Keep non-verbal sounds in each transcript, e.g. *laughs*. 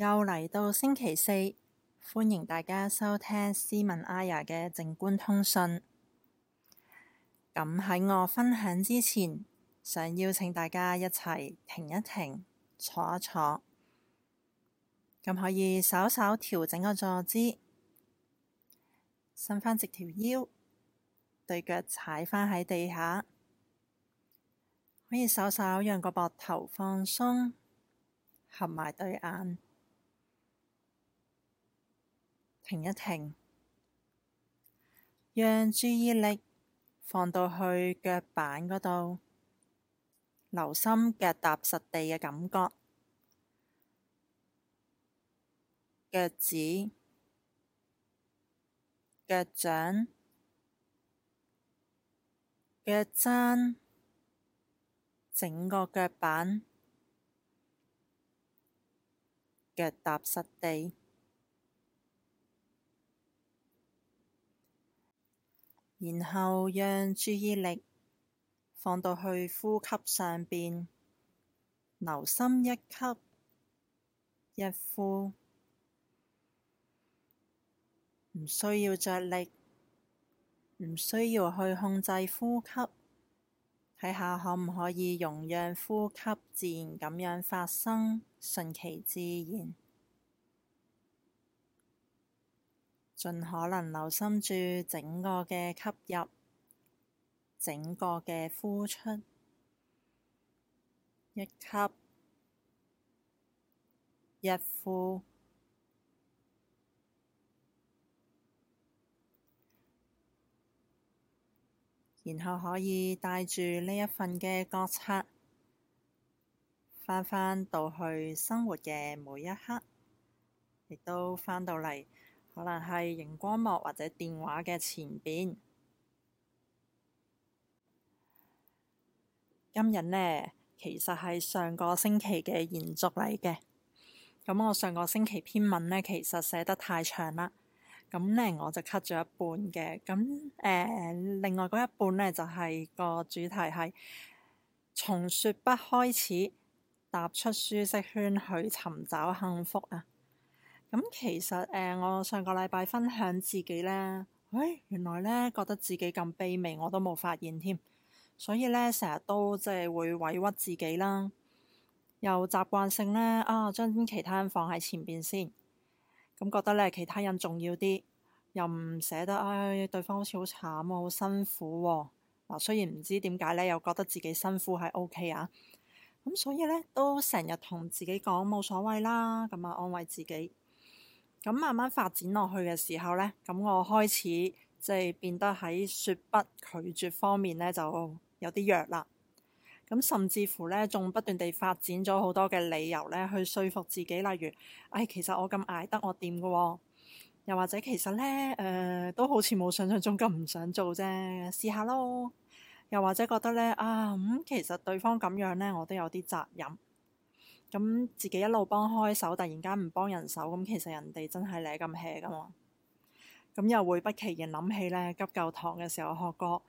又嚟到星期四，歡迎大家收聽斯文阿雅嘅靜觀通訊。咁、嗯、喺我分享之前，想邀請大家一齊停一停，坐一坐。咁、嗯、可以稍稍調整個坐姿，伸翻直條腰，對腳踩返喺地下，可以稍稍讓個膊頭放鬆，合埋對眼。停一停，讓注意力放到去腳板嗰度，留心腳踏實地嘅感覺，腳趾、腳掌、腳踭，整個腳板，腳踏實地。然後讓注意力放到去呼吸上邊，留心一吸一呼，唔需要着力，唔需要去控制呼吸，睇下可唔可以容讓呼吸自然咁樣發生，順其自然。盡可能留心住整個嘅吸入，整個嘅呼出，一吸一呼，然後可以帶住呢一份嘅覺察，返返到去生活嘅每一刻，亦都返到嚟，可能係熒光幕或者電話嘅前邊。今日呢其實係上個星期嘅延續嚟嘅。咁我上個星期篇文呢，其實寫得太長啦，咁呢，我就 cut 咗一半嘅。咁誒、呃，另外嗰一半呢，就係、是、個主題係從說不開始，踏出舒適圈去尋找幸福啊！咁其實誒，我上個禮拜分享自己咧，誒、哎、原來咧覺得自己咁卑微，我都冇發現添，所以咧成日都即係會委屈自己啦，又習慣性咧啊將其他人放喺前邊先，咁覺得咧其他人重要啲，又唔捨得唉、哎，對方好似好慘喎，好辛苦喎、哦、嗱。雖然唔知點解咧，又覺得自己辛苦係 OK 啊，咁所以咧都成日同自己講冇所謂啦，咁啊安慰自己。咁慢慢發展落去嘅時候呢，咁我開始即係變得喺說不拒絕方面呢就有啲弱啦。咁甚至乎呢，仲不斷地發展咗好多嘅理由呢去説服自己，例如，唉、哎，其實我咁捱得我掂㗎喎。又或者其實呢，誒、呃、都好似冇想像中咁唔想做啫，試下咯。又或者覺得呢，啊咁、嗯、其實對方咁樣呢，我都有啲責任。咁自己一路幫開手，突然間唔幫人手，咁其實人哋真係咧咁 h e 噶嘛。咁又會不期然諗起呢，急救堂嘅時候學過，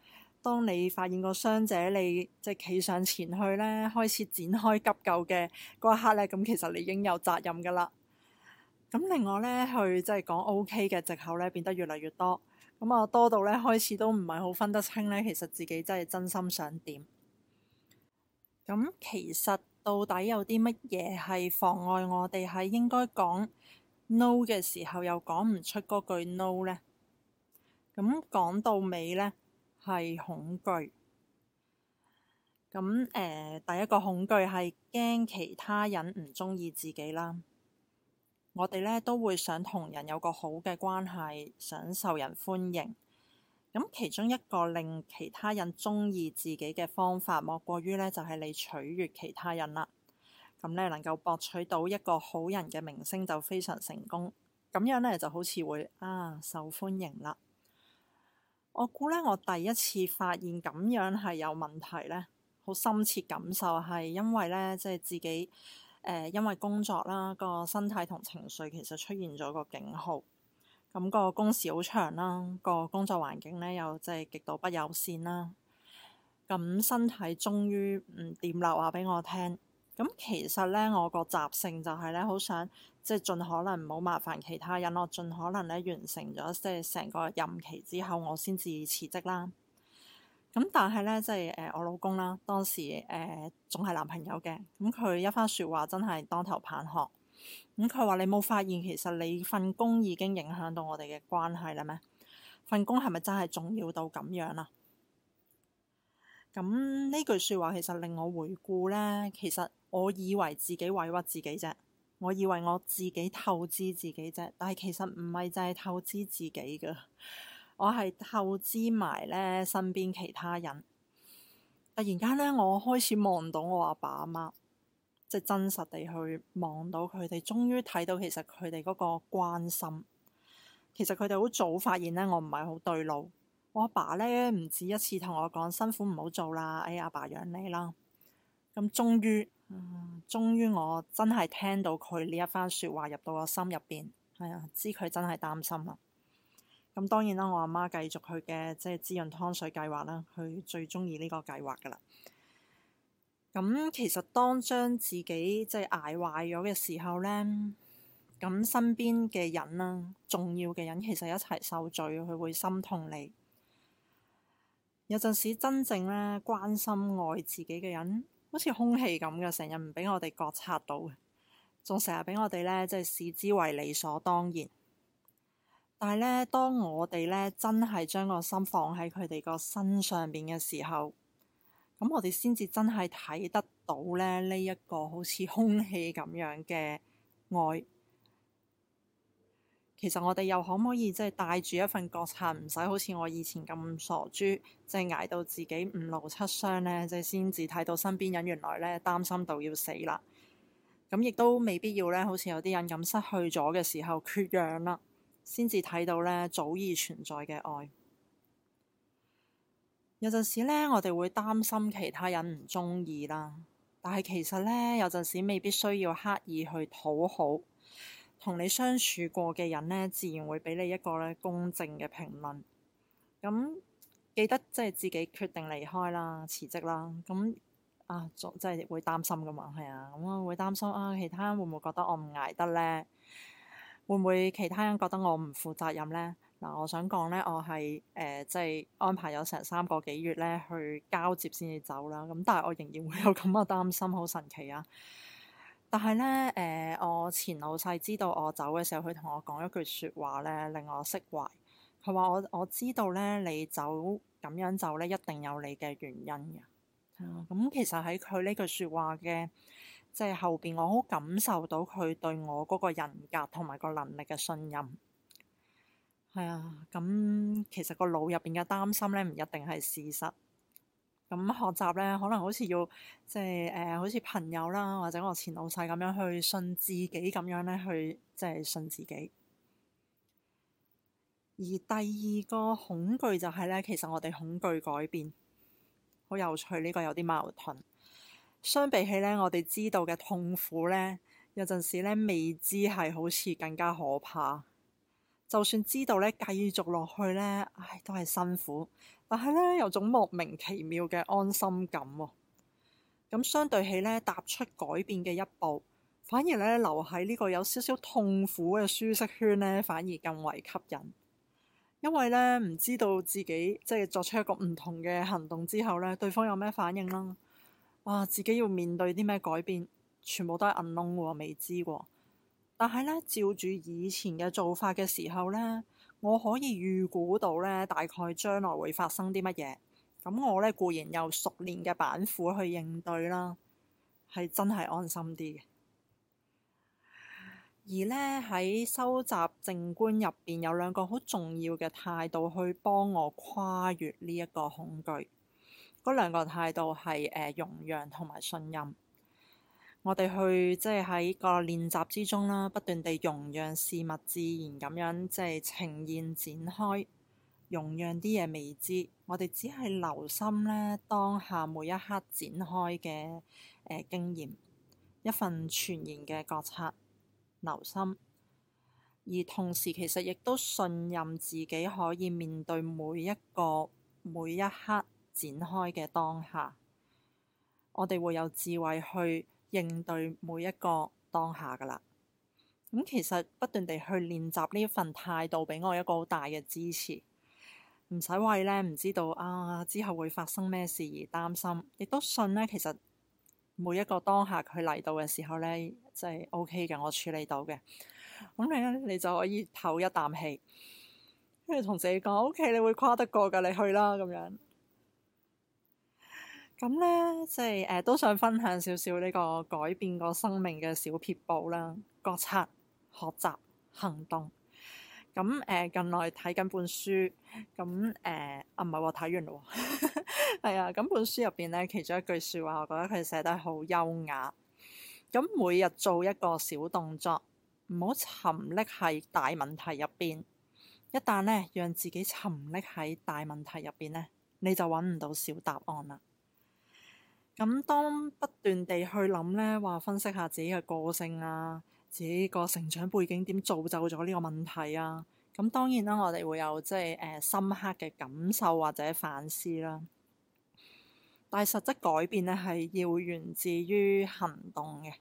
當你發現個傷者，你即係企上前去呢，開始展開急救嘅嗰一刻呢，咁其實你已經有責任噶啦。咁另外呢，去即係講 O.K. 嘅藉口呢，變得越嚟越多，咁啊多到呢，開始都唔係好分得清呢，其實自己真係真心想點。咁其實。到底有啲乜嘢係妨礙我哋喺應該講 no 嘅時候又講唔出嗰句 no 呢？咁講到尾呢，係恐懼。咁誒、呃，第一個恐懼係驚其他人唔中意自己啦。我哋呢都會想同人有個好嘅關係，想受人歡迎。咁其中一個令其他人鍾意自己嘅方法，莫過於呢就係、是、你取悅其他人啦。咁你能夠博取到一個好人嘅名聲，就非常成功。咁樣呢，就好似會啊受歡迎啦。我估呢，我第一次發現咁樣係有問題呢。好深切感受係因為呢，即係自己、呃、因為工作啦個身體同情緒，其實出現咗個警號。咁個工時好長啦，個工作環境呢又即係極度不友善啦。咁身體終於唔掂啦，話俾我聽。咁其實呢，我個習性就係呢，好想即係盡可能唔好麻煩其他人，我盡可能呢完成咗即係成個任期之後，我先至辭職啦。咁但係呢，即係誒我老公啦，當時誒仲係男朋友嘅，咁佢一番説話真係當頭棒喝。咁佢話你冇發現其實你份工已經影響到我哋嘅關係啦咩？份工係咪真係重要到咁樣啊？咁、嗯、呢句説話其實令我回顧呢。其實我以為自己委屈自己啫，我以為我自己透支自己啫，但係其實唔係就係透支自己噶，我係透支埋呢身邊其他人。突然間呢，我開始望到我阿爸阿媽。即係真實地去望到佢哋，終於睇到其實佢哋嗰個關心。其實佢哋好早發現咧，我唔係好對路。我阿爸咧唔止一次同我講，辛苦唔好做啦，哎呀阿爸養你啦。咁終於，嗯，終於我真係聽到佢呢一番説話入到我心入邊，係、哎、啊，知佢真係擔心啦。咁當然啦，我阿媽繼續佢嘅即係滋潤湯水計劃啦，佢最中意呢個計劃噶啦。咁其實當將自己即係挨壞咗嘅時候呢，咁身邊嘅人啦，重要嘅人其實一齊受罪，佢會心痛你。有陣時真正呢，關心愛自己嘅人，好似空氣咁嘅，成日唔畀我哋覺察到，仲成日畀我哋呢，即係視之為理所當然。但係呢，當我哋呢真係將個心放喺佢哋個身上邊嘅時候，咁我哋先至真係睇得到咧呢一個好似空氣咁樣嘅愛。其實我哋又可唔可以即係帶住一份覺察，唔使好似我以前咁傻豬，即係捱到自己五勞七傷呢？即係先至睇到身邊人原來咧擔心到要死啦。咁亦都未必要呢，好似有啲人咁失去咗嘅時候缺氧啦，先至睇到呢早已存在嘅愛。有陣時咧，我哋會擔心其他人唔中意啦。但係其實咧，有陣時未必需要刻意去討好。同你相處過嘅人咧，自然會俾你一個咧公正嘅評論。咁、嗯、記得即係自己決定離開啦、辭職啦。咁、嗯、啊，即係會擔心噶嘛？係啊，咁、嗯、啊，我會擔心啊，其他人會唔會覺得我唔捱得咧？會唔會其他人覺得我唔負責任咧？嗱，我想講咧，我係誒、呃，即係安排咗成三個幾月咧去交接先至走啦。咁，但係我仍然會有咁嘅擔心，好神奇啊！但係咧，誒、呃，我前老細知道我走嘅時候，佢同我講一句説話咧，令我釋懷。佢話我我知道咧，你走咁樣走咧，一定有你嘅原因嘅。啊、嗯，咁其實喺佢呢句説話嘅即係後邊，我好感受到佢對我嗰個人格同埋個能力嘅信任。係啊，咁、哎、其實個腦入邊嘅擔心咧，唔一定係事實。咁學習咧，可能好似要即係誒，好似朋友啦，或者我前老細咁樣去信自己，咁樣咧去即係、就是、信自己。而第二個恐懼就係咧，其實我哋恐懼改變，好有趣呢、這個有啲矛盾。相比起咧，我哋知道嘅痛苦咧，有陣時咧未知係好似更加可怕。就算知道咧，繼續落去咧，唉、哎，都係辛苦。但係咧，有種莫名其妙嘅安心感喎、哦。咁相對起咧，踏出改變嘅一步，反而咧留喺呢個有少少痛苦嘅舒適圈咧，反而更為吸引。因為咧唔知道自己即係作出一個唔同嘅行動之後咧，對方有咩反應啦，哇！自己要面對啲咩改變，全部都係 unknown 喎，未知喎。但係咧，照住以前嘅做法嘅時候咧，我可以預估到咧，大概將來會發生啲乜嘢。咁我咧固然有熟練嘅板斧去應對啦，係真係安心啲。而咧喺修習靜觀入邊有兩個好重要嘅態度去幫我跨越呢一個恐懼。嗰兩個態度係誒、呃、容讓同埋信任。我哋去即係喺個練習之中啦，不斷地容讓事物自然咁樣即係呈現展開，容讓啲嘢未知。我哋只係留心咧當下每一刻展開嘅誒、呃、經驗，一份全然嘅覺察留心，而同時其實亦都信任自己可以面對每一個每一刻展開嘅當下。我哋會有智慧去。應對每一個當下㗎喇，咁其實不斷地去練習呢一份態度，俾我一個好大嘅支持，唔使為呢唔知道啊之後會發生咩事而擔心，亦都信呢，其實每一個當下佢嚟到嘅時候呢，就係 OK 嘅，我處理到嘅，咁你呢，你就可以唞一啖氣，跟住同自己講 OK，你會跨得過㗎，你去啦咁樣。咁咧，即係誒、呃，都想分享少少呢個改變個生命嘅小撇步啦。決策、學習、行動。咁、呃、誒，近來睇緊本書，咁、呃、誒，啊唔係喎，睇完咯，係啊。咁、啊啊 *laughs* 嗯、本書入邊咧，其中一句說話，我覺得佢寫得好優雅。咁、嗯、每日做一個小動作，唔好沉溺喺大問題入邊。一旦咧，讓自己沉溺喺大問題入邊咧，你就揾唔到小答案啦。咁當不斷地去諗呢話，分析下自己嘅個性啊，自己個成長背景點造就咗呢個問題啊，咁當然啦，我哋會有即係、呃、深刻嘅感受或者反思啦。但係實質改變呢係要源自於行動嘅。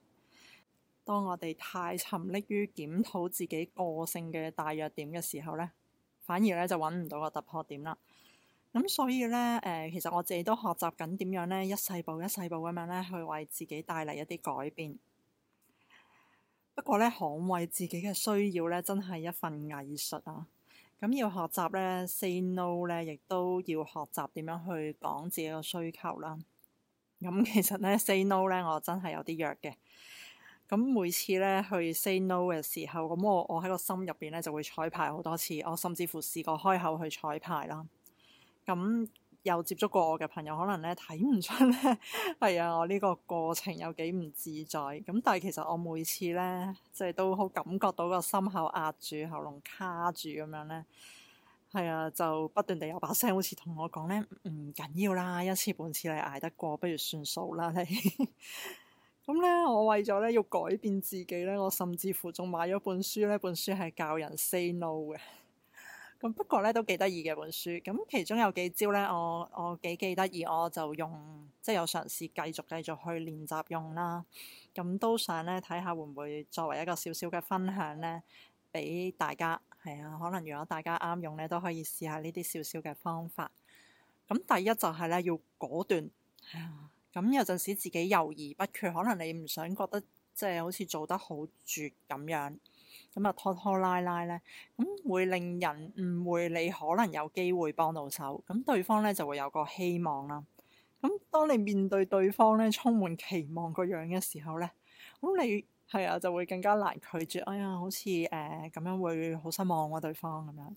當我哋太沉溺於檢討自己個性嘅大弱點嘅時候呢，反而呢就揾唔到個突破點啦。咁所以咧，誒、呃，其實我自己都學習緊點樣咧，一世步一世步咁樣咧，去為自己帶嚟一啲改變。不過咧，捍衛自己嘅需要咧，真係一份藝術啊！咁要學習咧，say no 咧，亦都要學習點樣去講自己嘅需求啦。咁其實咧，say no 咧，我真係有啲弱嘅。咁每次咧去 say no 嘅時候，咁我我喺個心入邊咧就會綵排好多次，我甚至乎試過開口去綵排啦。咁有、嗯、接觸過我嘅朋友，可能咧睇唔出咧，係 *laughs* 啊、哎，我呢個過程有幾唔自在。咁、嗯、但係其實我每次咧，即、就、係、是、都好感覺到個心口壓住，喉嚨卡住咁樣咧，係、哎、啊，就不斷地有把聲好，好似同我講咧，唔緊要啦，一次半次你捱得過，不如算數啦你。咁咧，我為咗咧要改變自己咧，我甚至乎仲買咗本書，呢本書係教人 say no 嘅。咁不過咧都幾得意嘅本書，咁其中有幾招咧，我我幾記得意，我就用即係有嘗試繼續繼續去練習用啦。咁都想咧睇下會唔會作為一個少少嘅分享咧，俾大家係啊。可能如果大家啱用咧，都可以試下呢啲少少嘅方法。咁第一就係咧要果斷，咁有陣時自己猶豫不決，可能你唔想覺得即係好似做得好絕咁樣。咁啊，拖拖拉拉咧，咁會令人誤會你可能有機會幫到手，咁對方咧就會有個希望啦。咁當你面對對方咧充滿期望個樣嘅時候咧，咁你係啊就會更加難拒絕。哎呀，好似誒咁樣會好失望喎，啊，對方咁樣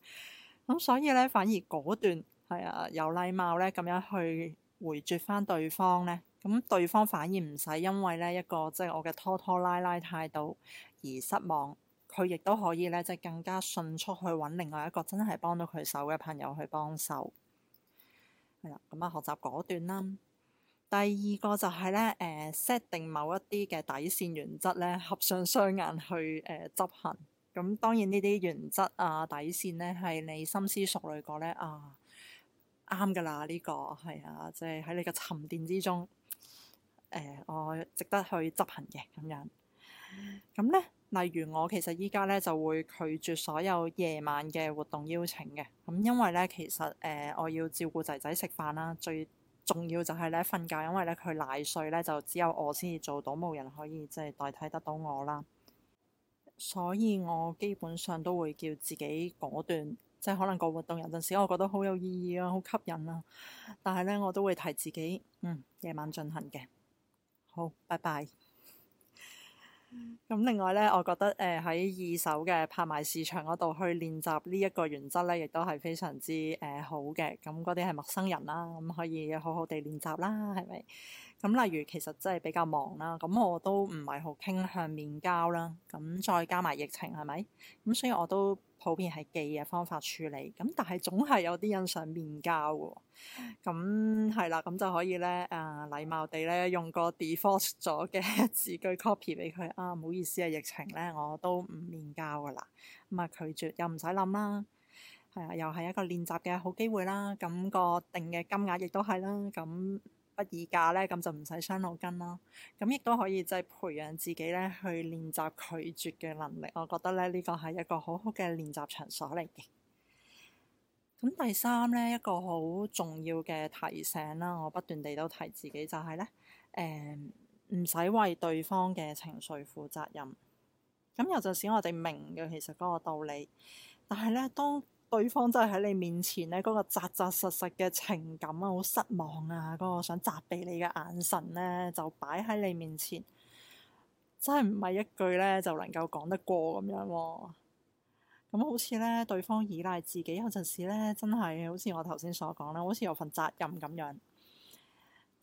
咁，所以咧反而果斷係啊，有禮貌咧咁樣去回絕返對方咧，咁對方反而唔使因為咧一個即係、就是、我嘅拖拖拉拉態度而失望。佢亦都可以咧，即係更加迅速去揾另外一個真係幫到佢手嘅朋友去幫手係啦。咁啊、嗯，學習果斷啦。第二個就係咧，誒、呃、set 定某一啲嘅底線原則咧，合上雙眼去誒、呃、執行。咁當然呢啲原則啊、底線咧，係你深思熟慮過咧啊啱㗎啦。呢個係啊，即係喺你嘅沉澱之中誒、呃，我值得去執行嘅咁樣咁咧。例如我其實依家咧就會拒絕所有夜晚嘅活動邀請嘅，咁、嗯、因為咧其實誒、呃、我要照顧仔仔食飯啦，最重要就係咧瞓覺，因為咧佢奶睡咧就只有我先至做到，冇人可以即係代替得到我啦。所以我基本上都會叫自己果斷，即係可能個活動有陣時我覺得好有意義啊、好吸引啊，但係咧我都會提自己嗯、夜晚進行嘅。好，拜拜。咁另外呢，我覺得誒喺、呃、二手嘅拍賣市場嗰度去練習呢一個原則呢，亦都係非常之誒、呃、好嘅。咁嗰啲係陌生人啦，咁可以好好地練習啦，係咪？咁例如其實真係比較忙啦，咁我都唔係好傾向面交啦，咁再加埋疫情係咪？咁所以我都普遍係寄嘅方法處理，咁但係總係有啲欣賞面交嘅，咁係啦，咁就可以咧誒、呃，禮貌地咧用個 default 咗嘅字句 copy 俾佢啊，唔好意思啊，疫情咧我都唔面交噶啦，咁啊拒絕又唔使諗啦，係啊，又係一個練習嘅好機會啦，咁、那個定嘅金額亦都係啦，咁。不議價咧，咁就唔使傷腦筋啦。咁亦都可以即係培養自己咧，去練習拒絕嘅能力。我覺得咧，呢個係一個好好嘅練習場所嚟嘅。咁第三咧，一個好重要嘅提醒啦，我不斷地都提自己就係、是、咧，誒唔使為對方嘅情緒負責任。咁有陣時我哋明嘅其實嗰個道理，但係咧當對方真係喺你面前呢，嗰個紮扎實實嘅情感啊，好失望啊，嗰個想責備你嘅眼神呢，就擺喺你面前，真係唔係一句呢，就能夠講得過咁樣喎。咁好似呢，對方依賴自己有陣時呢，真係好似我頭先所講啦，好似有份責任咁樣。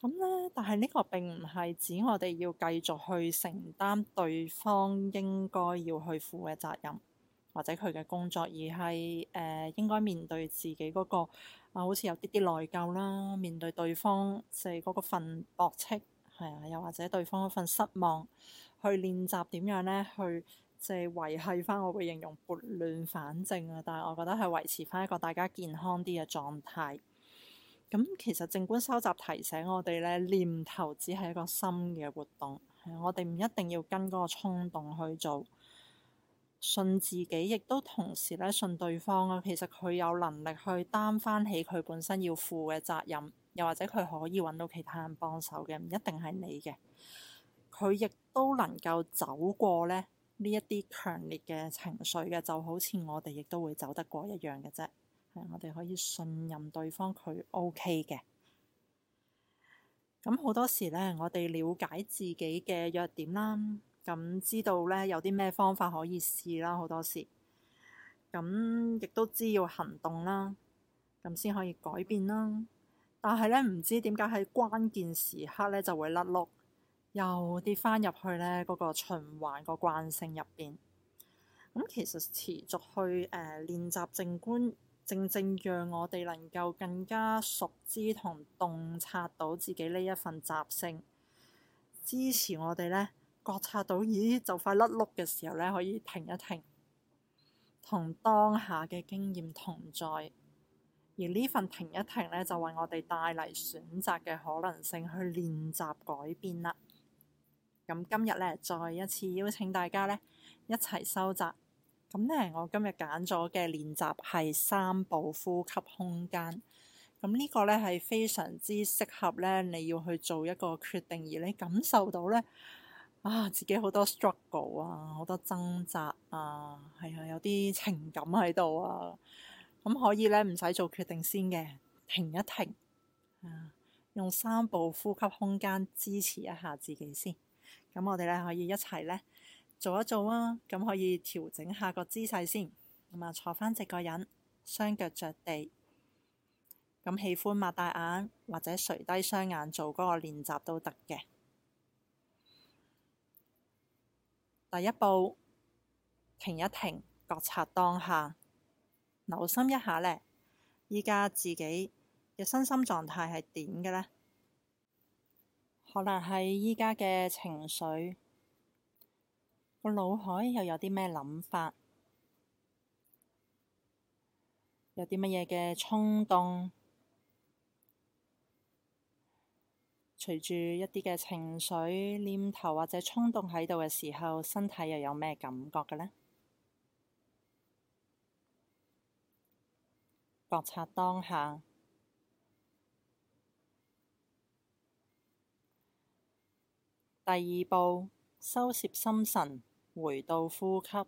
咁呢，但係呢個並唔係指我哋要繼續去承擔對方應該要去負嘅責任。或者佢嘅工作，而係誒、呃、應該面對自己嗰、那個啊，好、呃、似有啲啲內疚啦。面對對方即係嗰個份薄戚，係啊，又或者對方嗰份失望，去練習點樣咧，去即係維繫翻。我會形容撥亂反正啊，但係我覺得係維持翻一個大家健康啲嘅狀態，咁其實靜觀收集提醒我哋咧，念頭只係一個心嘅活動，我哋唔一定要跟嗰個衝動去做。信自己，亦都同時咧信對方啊。其實佢有能力去擔翻起佢本身要負嘅責任，又或者佢可以揾到其他人幫手嘅，唔一定係你嘅。佢亦都能夠走過咧呢一啲強烈嘅情緒嘅，就好似我哋亦都會走得過一樣嘅啫。我哋可以信任對方，佢 OK 嘅。咁好多時咧，我哋了解自己嘅弱點啦。咁、嗯、知道呢，有啲咩方法可以試啦。好多時咁亦、嗯、都知要行動啦，咁、嗯、先可以改變啦。但係呢，唔知點解喺關鍵時刻呢，就會甩碌，又跌返入去呢嗰、那個循環個慣性入邊。咁、嗯、其實持續去誒、呃、練習靜觀，正正讓我哋能夠更加熟知同洞察到自己呢一份習性，支持我哋呢。覺察到，咦，就快甩碌嘅時候呢，可以停一停，同當下嘅經驗同在。而呢份停一停呢，就為我哋帶嚟選擇嘅可能性去練習改變啦。咁今日呢，再一次邀請大家呢，一齊收集。咁呢，我今日揀咗嘅練習係三步呼吸空間。咁呢個呢，係非常之適合呢，你要去做一個決定，而你感受到呢。啊，自己好多 struggle 啊，好多掙扎啊，係啊，有啲情感喺度啊，咁可以咧唔使做決定先嘅，停一停啊，用三步呼吸空間支持一下自己先。咁我哋咧可以一齊咧做一做啊，咁可以調整下個姿勢先。咁啊，坐翻直個人，雙腳着地，咁喜歡擘大眼或者垂低雙眼做嗰個練習都得嘅。第一步，停一停，覺察當下，留心一下呢，而家自己嘅身心狀態係點嘅呢？可能係而家嘅情緒，個腦海又有啲咩諗法，有啲乜嘢嘅衝動。隨住一啲嘅情緒、念頭或者衝動喺度嘅時候，身體又有咩感覺嘅呢？覺察當下。第二步，收拾心神，回到呼吸，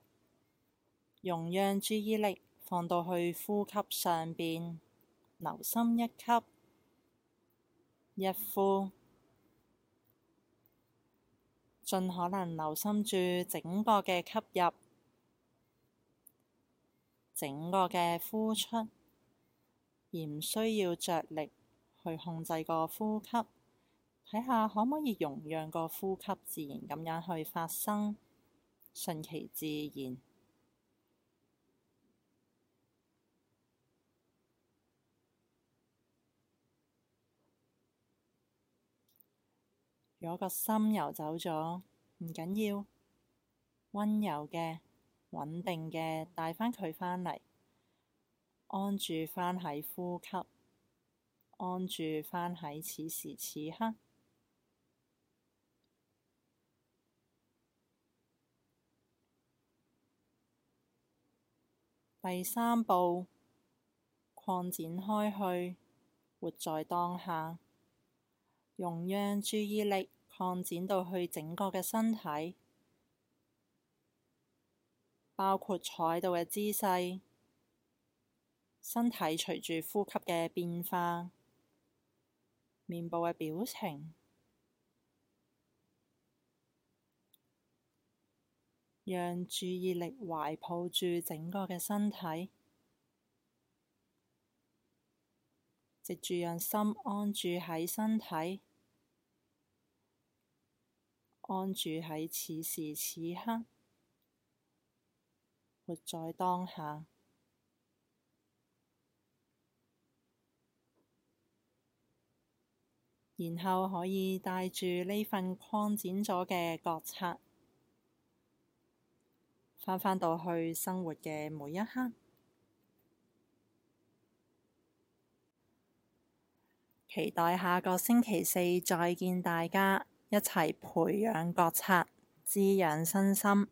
容讓注意力放到去呼吸上邊，留心一吸一呼。盡可能留心住整個嘅吸入，整個嘅呼出，而唔需要着力去控制個呼吸，睇下可唔可以容讓個呼吸自然咁樣去發生，順其自然。如果個心游走咗，唔緊要，溫柔嘅、穩定嘅，帶返佢返嚟，安住返喺呼吸，安住返喺此時此刻。第三步，擴展開去，活在當下。容讓注意力擴展到去整個嘅身體，包括坐喺度嘅姿勢、身體隨住呼吸嘅變化、面部嘅表情，讓注意力懷抱住整個嘅身體，藉住讓心安住喺身體。安住喺此時此刻，活在當下，然後可以帶住呢份擴展咗嘅覺察，返返到去生活嘅每一刻。期待下個星期四再見大家。一齊培養覺察，滋養身心。